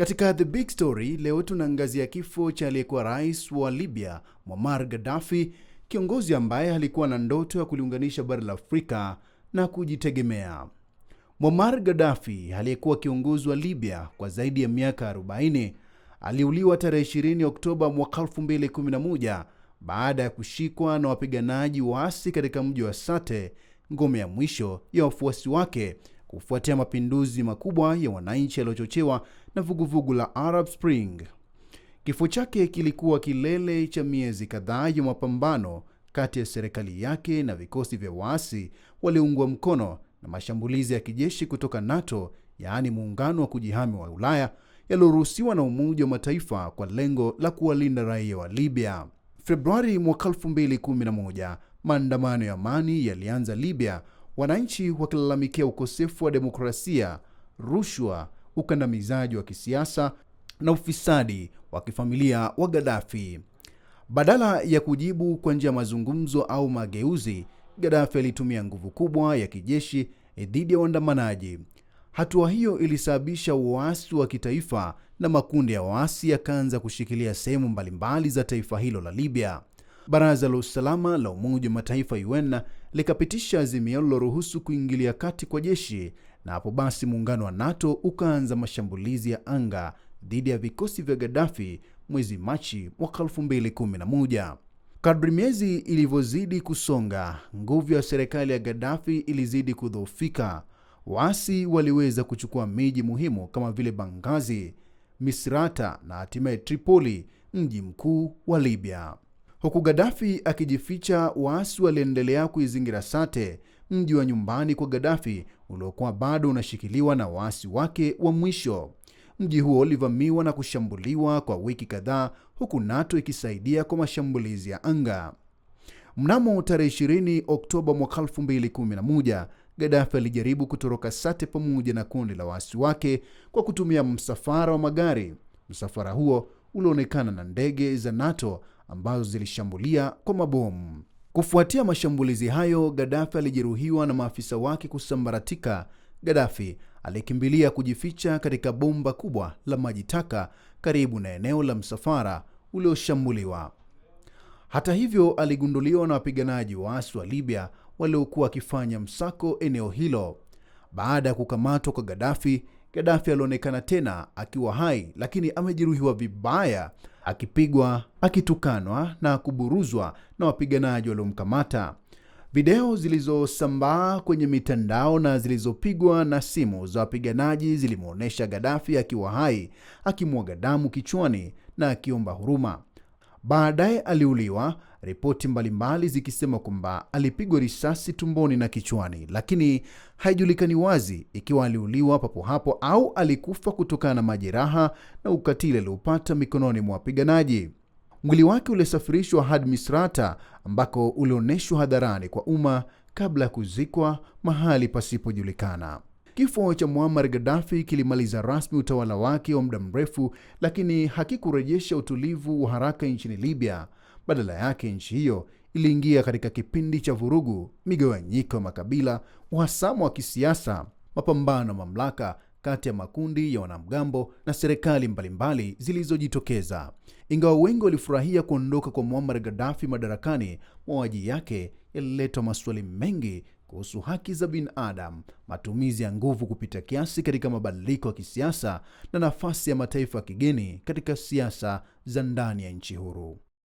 Katika The Big Story leo tunaangazia kifo cha aliyekuwa rais wa Libya Muammar Gaddafi, kiongozi ambaye alikuwa na ndoto ya kuliunganisha bara la Afrika na kujitegemea. Muammar Gaddafi aliyekuwa kiongozi wa Libya kwa zaidi ya miaka 40 aliuliwa tarehe 20 Oktoba mwaka 2011 baada ya kushikwa na wapiganaji waasi katika mji wa Sate, ngome ya mwisho ya wafuasi wake, kufuatia mapinduzi makubwa ya wananchi yaliyochochewa na vuguvugu la Arab Spring. Kifo chake kilikuwa kilele cha miezi kadhaa ya mapambano kati ya serikali yake na vikosi vya waasi walioungwa mkono na mashambulizi ya kijeshi kutoka NATO, yaani muungano wa kujihami wa Ulaya, yaliyoruhusiwa na Umoja wa Mataifa kwa lengo la kuwalinda raia wa Libya. Februari mwaka 2011, maandamano ya amani yalianza Libya, wananchi wakilalamikia ukosefu wa demokrasia, rushwa ukandamizaji wa kisiasa na ufisadi wa kifamilia wa Gaddafi. Badala ya kujibu kwa njia ya mazungumzo au mageuzi, Gaddafi alitumia nguvu kubwa ya kijeshi eh, dhidi ya waandamanaji. Hatua hiyo ilisababisha uasi wa kitaifa na makundi ya waasi yakaanza kushikilia sehemu mbalimbali za taifa hilo la Libya. Baraza la Usalama la Umoja wa Mataifa UN likapitisha azimio liloruhusu kuingilia kati kwa jeshi na hapo basi muungano wa NATO ukaanza mashambulizi ya anga dhidi ya vikosi vya Gaddafi mwezi Machi mwaka 2011. Kadri miezi ilivyozidi kusonga, nguvu ya serikali ya Gaddafi ilizidi kudhoofika. Waasi waliweza kuchukua miji muhimu kama vile Benghazi, Misrata na hatimaye Tripoli, mji mkuu wa Libya. Huku Gaddafi akijificha, waasi waliendelea kuizingira Sate mji wa nyumbani kwa Gaddafi uliokuwa bado unashikiliwa na waasi wake wa mwisho. Mji huo ulivamiwa na kushambuliwa kwa wiki kadhaa, huku NATO ikisaidia kwa mashambulizi ya anga. Mnamo tarehe 20 Oktoba mwaka 2011, Gaddafi alijaribu kutoroka Sate pamoja na kundi la waasi wake kwa kutumia msafara wa magari. Msafara huo ulionekana na ndege za NATO ambazo zilishambulia kwa mabomu. Kufuatia mashambulizi hayo, Gaddafi alijeruhiwa na maafisa wake kusambaratika. Gaddafi alikimbilia kujificha katika bomba kubwa la maji taka karibu na eneo la msafara ulioshambuliwa. Hata hivyo, aligunduliwa na wapiganaji waasi wa Libya waliokuwa wakifanya msako eneo hilo. Baada ya kukamatwa kwa Gaddafi, Gaddafi alionekana tena akiwa hai, lakini amejeruhiwa vibaya, akipigwa, akitukanwa na kuburuzwa na wapiganaji waliomkamata. Video zilizosambaa kwenye mitandao na zilizopigwa na simu za wapiganaji zilimwonyesha Gaddafi akiwa hai, akimwaga damu kichwani na akiomba huruma. Baadaye aliuliwa ripoti mbalimbali zikisema kwamba alipigwa risasi tumboni na kichwani, lakini haijulikani wazi ikiwa aliuliwa papo hapo au alikufa kutokana na majeraha na ukatili aliopata mikononi mwa wapiganaji. Mwili wake ulisafirishwa hadi Misrata ambako ulionyeshwa hadharani kwa umma kabla ya kuzikwa mahali pasipojulikana. Kifo cha Muammar Gaddafi kilimaliza rasmi utawala wake wa muda mrefu, lakini hakikurejesha utulivu wa haraka nchini Libya. Badala yake nchi hiyo iliingia katika kipindi cha vurugu, migawanyiko ya makabila, uhasama wa kisiasa, mapambano mamlaka kati ya makundi ya wanamgambo na serikali mbalimbali zilizojitokeza. Ingawa wengi walifurahia kuondoka kwa Muammar Gaddafi madarakani, mauaji yake yalileta maswali mengi kuhusu haki za binadamu, matumizi ya nguvu kupita kiasi katika mabadiliko ya kisiasa na nafasi ya mataifa ya kigeni katika siasa za ndani ya nchi huru.